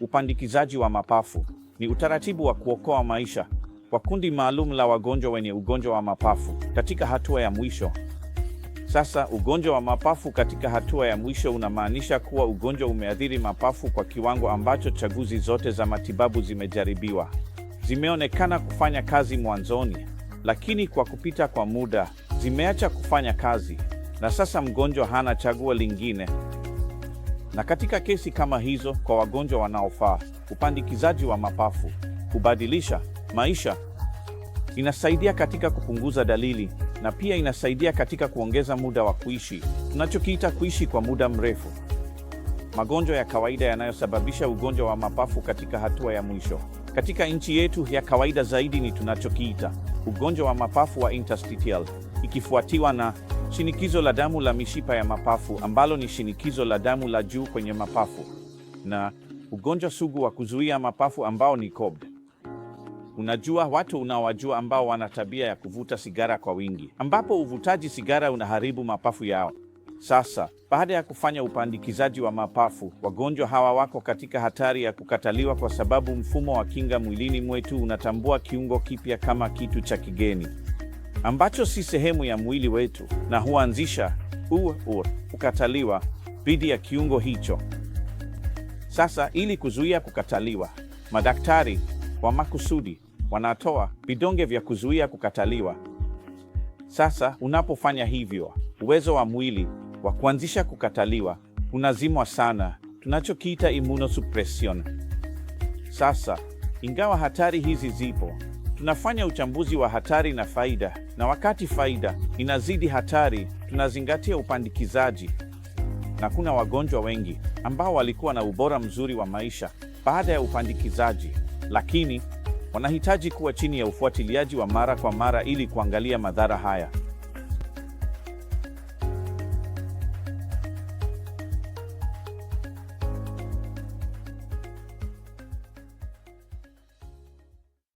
Upandikizaji wa mapafu ni utaratibu wa kuokoa maisha kwa kundi maalum la wagonjwa wenye ugonjwa wa mapafu katika hatua ya mwisho. Sasa ugonjwa wa mapafu katika hatua ya mwisho unamaanisha kuwa ugonjwa umeathiri mapafu kwa kiwango ambacho chaguzi zote za matibabu zimejaribiwa, zimeonekana kufanya kazi mwanzoni, lakini kwa kupita kwa muda zimeacha kufanya kazi, na sasa mgonjwa hana chaguo lingine na katika kesi kama hizo, kwa wagonjwa wanaofaa, upandikizaji wa mapafu hubadilisha maisha. Inasaidia katika kupunguza dalili na pia inasaidia katika kuongeza muda wa kuishi, tunachokiita kuishi kwa muda mrefu. Magonjwa ya kawaida yanayosababisha ugonjwa wa mapafu katika hatua ya mwisho katika nchi yetu ya kawaida zaidi ni tunachokiita ugonjwa wa mapafu wa interstitial ikifuatiwa na shinikizo la damu la mishipa ya mapafu ambalo ni shinikizo la damu la juu kwenye mapafu, na ugonjwa sugu wa kuzuia mapafu ambao ni COPD. Unajua, watu unawajua ambao wana tabia ya kuvuta sigara kwa wingi, ambapo uvutaji sigara unaharibu mapafu yao. Sasa, baada ya kufanya upandikizaji wa mapafu, wagonjwa hawa wako katika hatari ya kukataliwa kwa sababu mfumo wa kinga mwilini mwetu unatambua kiungo kipya kama kitu cha kigeni ambacho si sehemu ya mwili wetu na huanzisha ur ur kukataliwa dhidi ya kiungo hicho. Sasa, ili kuzuia kukataliwa, madaktari wa makusudi wanatoa vidonge vya kuzuia kukataliwa. Sasa unapofanya hivyo, uwezo wa mwili wa kuanzisha kukataliwa unazimwa sana, tunachokiita immunosuppression. Sasa, ingawa hatari hizi zipo Tunafanya uchambuzi wa hatari na faida, na wakati faida inazidi hatari, tunazingatia upandikizaji. Na kuna wagonjwa wengi ambao walikuwa na ubora mzuri wa maisha baada ya upandikizaji, lakini wanahitaji kuwa chini ya ufuatiliaji wa mara kwa mara ili kuangalia madhara haya.